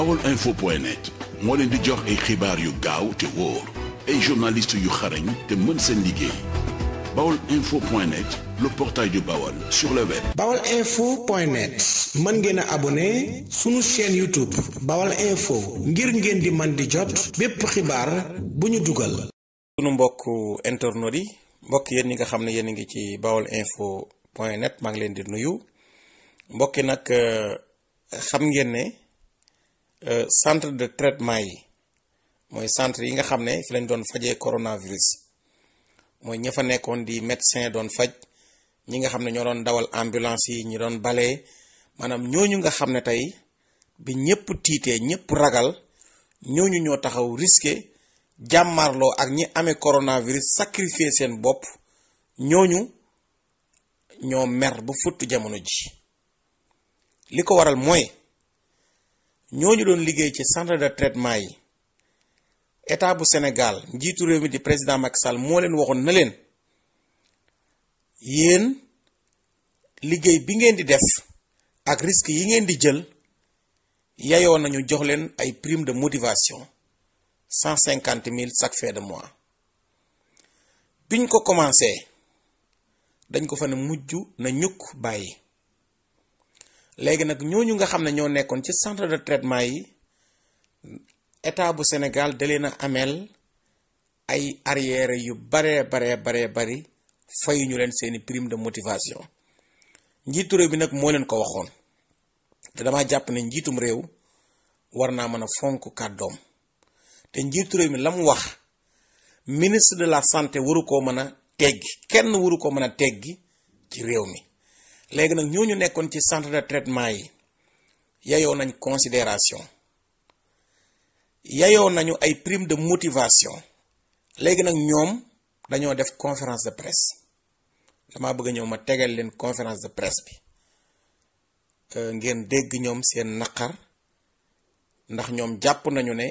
bawol info point net moo leen di jox ay xibaar yu gaaw te wóor ay journaliste yu xarañ te mën seen liggéey bawol info point net le portail du Bawol sur le web. bawol info point net mën ngeen a abonné sunu chaîne YouTube bawol info ngir ngeen di man di jot bépp xibaar bu ñu dugal. sunu mbokk internautes yi mbokk yéen ñi nga xam ne yéen a ngi ci bawol info point net maa ngi leen di nuyu mbokki nag euh, xam ngeen ne. Euh, centre de traitement yi mooy centre yi nga xam ne fi lañ doon fajee coronavirus mooy ña fa nekkoon di médecin doon faj ñi nga xam ne ñoo doon dawal ambulance yi ñi doon balee maanaam ñooñu nga xam ne tey bi ñëpp tiitee ñëpp ragal ñooñu ñoo taxaw risqué jàmmaarloo ak ñi amee coronavirus sacrifier seen bopp ñooñu ñoo mer bu futt jamono ji li ko waral mooy ñoo ñu doon liggéey ci centre de traitement yi état bu Sénégal njiitu réew mi di président Macky Sall moo leen waxoon na leen yéen liggéey bi ngeen di def ak risque yi ngeen di jël yayoo nañu jox leen ay prime de motivation cent cinquante mille chaque fin de mois biñ ko commencé dañ ko fa ne mujj na ñukk bàyyi. léegi nag ñooñu nga xam ne ñoo nekkoon ci centre de traitement yi état bu Sénégal da leen a ameel ay arrière yu baree baree baree bari fayu ñu leen seeni prime de motivation njiitu réew bi nag moo leen ko waxoon te dama jàpp ne njiitum réew war naa mën a fonk kàddoom te njiitu réew mi la mu wax ministre de la santé waru koo mën a teggi kenn waru ko mën a teggi ci réew mi léegi nag ñooñu nekkoon ci centre de traitement yi yayoo nañ considération yayoo nañu ay prime de motivation léegi nag ñoom dañoo def conférence de presse damaa bëgg ñëw ma tegal leen conférence de presse bi euh, ngeen dégg ñoom seen naqar ndax ñoom jàpp nañu ne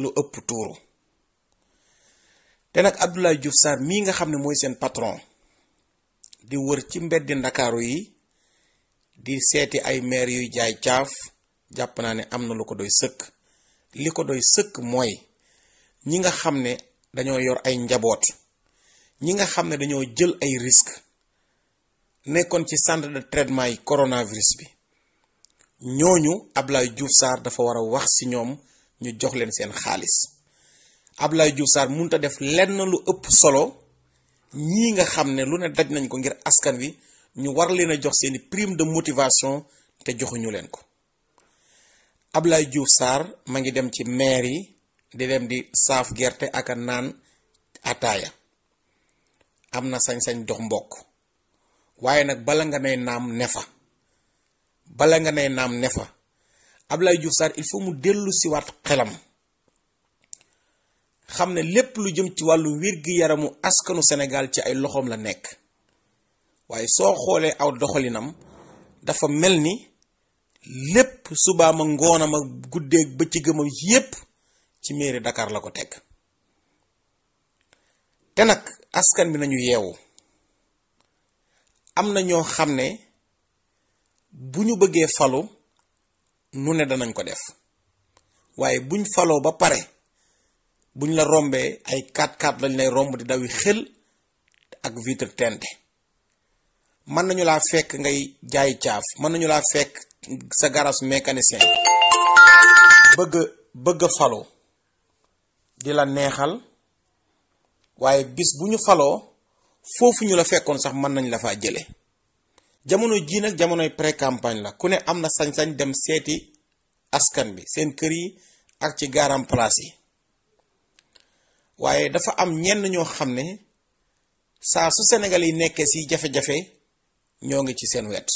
lu ëpp tuuru te nag Abdoulaye Diouf Sarr mii nga xam ne mooy seen patron di wër ci mbeddi ndakaaru yi di seeti ay maire yuy jaay caaf jàpp naa ne am na lu ko doy sëkk li ko doy sëkk mooy ñi nga xam ne dañoo yor ay njaboot ñi nga xam ne dañoo jël ay risque nekkoon ci centre de traitement yi coronavirus bi ñooñu Ablaye juf saar dafa war a wax si ñoom ñu jox leen seen xaalis Ablaye Diouf Sarr munta def lenn lu ëpp solo ñii nga xam ne lu ne daj nañ ko ngir askan wi ñu war leen a jox seeni prime de motivation te joxuñu leen ko Ablaye Diouf saar ma ngi dem ci maire yi di dem di saaf gerte ak a naan ataaya am na sañ-sañ dox mbokk waaye nag bala nga nay naam ne bala nga ne naam nefa ab lay Diouf Sarr il faut mu dellu siwaat xelam xam ne lépp lu jëm ci wàllu wér-gi-yaramu askanu senegaal ci ay loxoom la nekk waaye soo xoolee aw doxalinam dafa mel ni lépp subaama ngoonam ak guddeeg bëccëgam yépp ci mairie dakaar la ko teg te nag askan bi nañu yeewu am na ñoo xam ne bu ñu bëggee falu nu ne danañ ko def waaye buñ faloo ba pare buñ la rombee ay 4x4 lañ lay romb di dawi xël ak vitre teintée mën nañu laa fekk ngay jaay caaf mën nañu laa fekk sa garage mécanicien bëgg bëgg falo di la neexal waaye bis bu ñu faloo foofu ñu la fekkoon sax mën nañ la faa jële jamono jii nag jamonoy pre campagne la ku ne am na sañ-sañ dem seeti askan bi seen kër yi ak ci gaaram place yi waaye dafa am ñenn ñoo xam ne saa su Sénégal yi nekkee si jafe-jafe ñoo ngi ci seen wet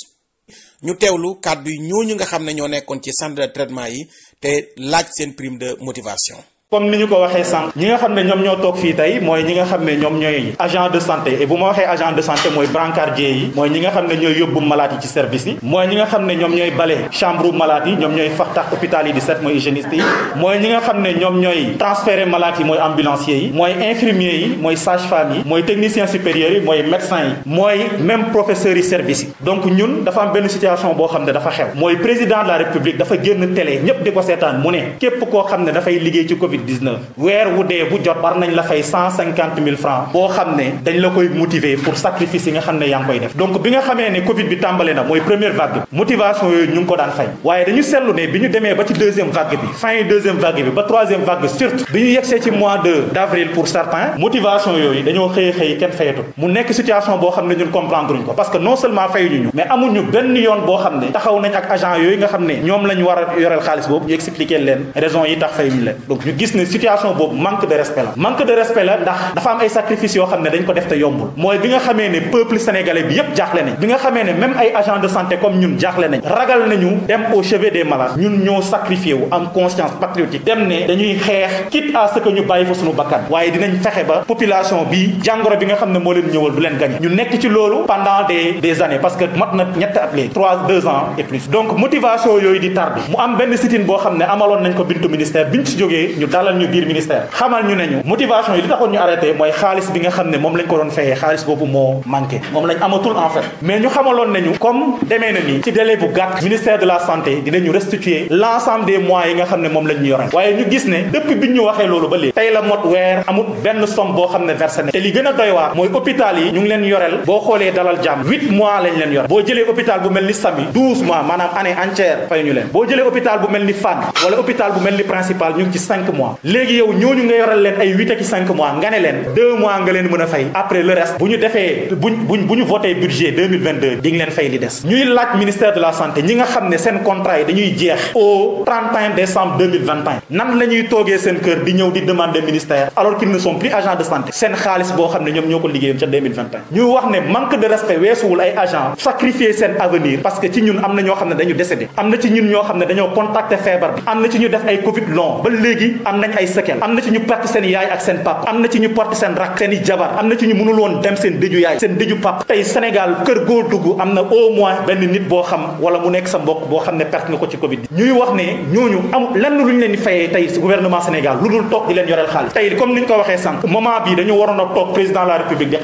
ñu teewlu kàddu yi ñooñu nga xam ne ñoo nekkoon ci centre de traitement yi te laaj seen prime de motivation comme ni ñu ko waxee sànq ñi nga xam ne ñoom ñoo toog fii tey mooy ñi nga xam ne ñoom ñooy agent de santé et bu ma waxee agent de santé mooy brancardier yi mooy ñi nga xam ne ñooy yóbbu malade yi ci service yi mooy ñi nga xam ne ñoom ñooy bale chambre malade yi ñoom ñooy faxtax hôpital yi di set mooy ñi nga xam ne ñoom ñooy transférer malade yi mooy ambulancier yi mooy infirmier yi mooy sage-femme yi mooy technicien supérieur yi mooy médecin yi mooy même professeurs yi service yi donc ñun dafa am benn situation boo xam ne dafa xew mooy président de la république dafa génn télé ñëpp di ko seetaan mu ne képp koo xam ne dafay liggéey ci covid 19 weer wu dee bu jot war nañ la fay 150 000 francs boo xam ne dañ la koy motiver pour sacrifice yi nga xam ne yaa ngi koy def donc bi nga xamee ne Covid bi tàmbale na mooy première vague bi motivation yooyu ñu ngi ko daan fay waaye dañu seetlu ne bi ñu demee ba ci deuxième vague bi fin deuxième vague bi ba troisième vague surtout bi ñu yegsee ci mois de d' avril pour certains motivation yooyu dañoo xëy xëy kenn fayatu mu nekk situation boo xam ne ñun comprendre ñu que non seulement fayuñu ñu mais amuñu benn yoon boo xam ne taxaw nañ ak nga xam ne ñoom lañ war a yoreel xaalis boobu ñu expliquer leen raison yi tax fayuñu gis ne situation boobu manque de respect la manque de respect la ndax dafa am ay sacrifices yoo xam ne dañ ko def te yombul mooy bi nga xamee ne peuple sénégalais bi yépp jaaxle nañ bi nga xamee ne même ay agents de santé comme ñun jaaxle nañ ragal nañu dem au chevet des malades ñun ñoo sacrifié am conscience patriotique dem ne dañuy xeex quitte à ce ñu bàyyi fa suñu bakkan waaye dinañ fexe ba population bi jàngoro bi nga xam ne moo leen ñëwal dalal ñu biir ministère xamal ñu ne ñu motivation yi li taxoon ñu arrêté mooy xaalis bi nga xam ne moom lañ ko doon feyee xaalis boobu moo manqué moom lañ amatul la santé l' ensemble des mois yi nga xam ne moom waaye ñu gis ne depuis bi ñu waxee loolu ba léegi tey la mot weer amul benn somme boo xam ne versé na te li gën a doy waar mooy hôpital yi ñu leen yoreel boo xoolee dalal jàmm huit mois lañ leen yore boo jëlee hôpital bu mel ni Samy douze mois maanaam année entière fay ñu leen boo jëlee mois léegi yow ñooñu nga yoral leen ay huit ak cinq mois nga ne leen deux mois nga leen mën a fay après le reste bu ñu defee buñ buñ bu ñu voté budget 2022 leen fay li des ñuy laaj ministère de la santé ñi nga xam ne seen contrat yi dañuy jeex au 31 décembre 2021 nan la ñuy toogee seen kër di ñëw di demander ministère alors qu'ils ne sont plus agents de santé seen xaalis boo xam ne ñoom ñoo ko liggéeyoon ca 2021 ñu wax ne que ci ñun am na ñoo xam ne dañu décédé am na ci ñun ñoo xam ne dañoo contacter ñu def am nañ ay séquelles am na ci ñu perte seen yaay ak seen pap am na ci ñu porte seen rak seen i jabar am na ci ñu mënul dem seen dëju yaay seen dëju pap tey Sénégal kër goo dugg am na au moins benn nit boo xam wala mu nekk sa mbokk boo xam ne perte nga ko ci Covid ñuy wax ne ñooñu amul lenn lu ñu leen di fayee tey gouvernement Sénégal lu dul toog di leen yoreel xaalis tey comme ni ñu ko waxee sànq moment bii dañu waroon a toog président de la république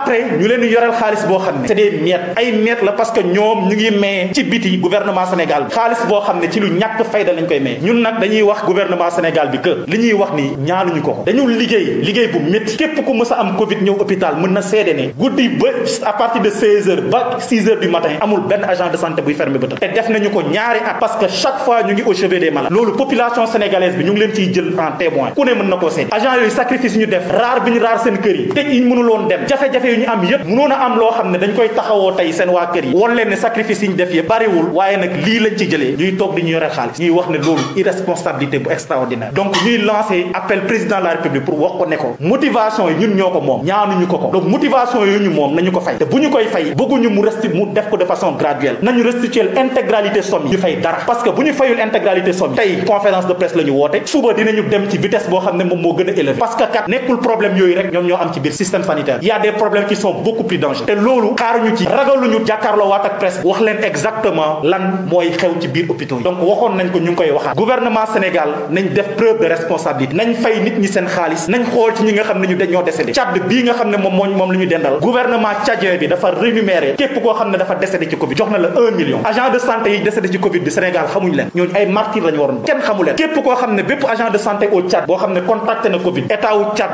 après ñu leen di yoreel xaalis boo xam ne c'est des miettes ay miettes la parce que ñoom ñu ngi maye ci biti gouvernement Sénégal bi xaalis boo xam ne ci lu ñàkk fayda lañ koy maye ñun nag dañuy wax gouvernement Sénégal bi que li ñuy wax nii ñaanuñu ko dañu liggéey liggéey bu métti képp ku mës a am Covid ñëw hôpital mën na seede ne guddi ba à partir de 16 heures ba 6 heures du matin amul benn agent de santé buy fermé bëtam te def nañu ko ñaari at parce que chaque fois ñu ngi au chevet des malades loolu population leen ciy jël en témoin ku ne mën ñu def raar bi ñu raar jafe ñu am yëpp mënoon a am loo xam ne dañ koy taxawoo tey seen waa kër yi won ne sacrifice yi ñu def yëpp bariwul waaye nag lii lañ ci jëlee ñuy toog di ñu yoreel xaalis ñuy wax ne loolu irresponsabilité bu extraordinaire donc ñuy lancer appel président la république pour wax ko ne motivation yi ñun ñoo ko moom ko ko motivation yi ñu moom nañu ko fay te bu ñu koy fay bëgguñu mu def ko de façon graduelle nañu restituer intégralité somme y valeurs qui sont beaucoup plus dangereuses te loolu xaaruñu ci ragaluñu jàkkaarloowaat ak presse wax leen exactement lan mooy xew ci biir hôpitaux yi donc waxoon nañ ko ñu ngi koy waxaat gouvernement Sénégal nañ def preuve de responsabilité nañ fay nit ñi seen xaalis nañ xool ci ñi nga xam ne ñu dañoo décédé Tchad bii nga xam ne moom mooñ moom la ñu dendal gouvernement tchadien bi dafa rémunéré képp koo xam ne dafa décédé ci Covid jox na la un million agent de santé yi décédé ci Covid bi Sénégal koo xam ne bépp agent de santé au Tchad boo xam ne contacté na Covid état wu Tchad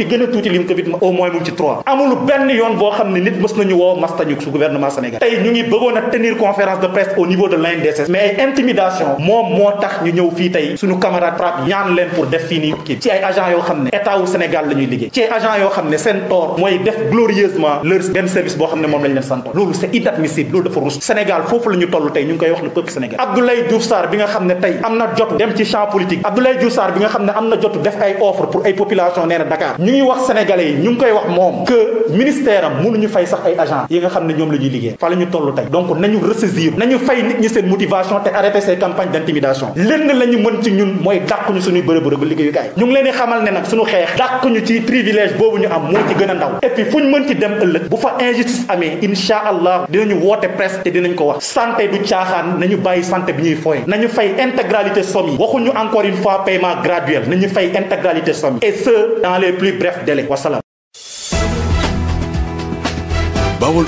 fi gën a tuuti lim Covid ma au moins mu ci trois amul benn yoon boo xam ne nit mës nañu woo mastañuk su gouvernement Sénégal tey ñu ngi bëggoon a tenir conférence de presse au niveau de l'INDSS mais ay intimidation moom moo tax ñu ñëw fii tey suñu camarade frappe ñaan leen pour def fii nii kii ci ay agent yoo xam ne état wu Sénégal la ñuy liggéey ci ay agent yoo xam ne seen tort mooy def glorieusement leur benn service boo xam ne moom lañ ñi ngi wax sénégalais yi ñu ngi koy wax moom que ministère am mënuñu fay sax ay agent yi nga xam ne ñoom la ñuy liggéey fa ñu toll tey donc nañu ressaisir nañu fay nit ñi seen motivation te arrêter ces campagnes d' intimidation lenn la ñu ci ñun mooy dàquñu suñuy bërëbërëbu liggéeyukaay ñu ngi leen di xamal ne nag suñu xeex dàquñu ci privilège boobu ñu am moo ci gën a ndaw et puis fu ñu mën ci dem ëllëg bu fa injustice amee incha allah dinañu woote presse te dinañ ko wax santé du caaxaan nañu bàyyi santé bi ñuy fooye nañu fay intégralité somme yi waxuñu encore une fois paiement graduel nañu fay intégralité somme yi et ce dans plus bref délai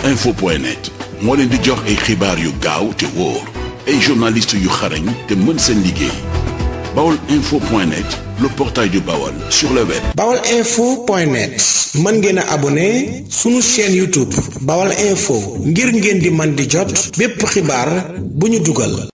info net moo leen di jox xibaar yu gaaw ay journalistes yu xarañ te mën seen liggéey bawol info point net le portail du Bawol sur mën ngeen a abonné sunu chaîne YouTube bawol info ngir ngeen di man di jot bépp xibaar bu ñu dugal.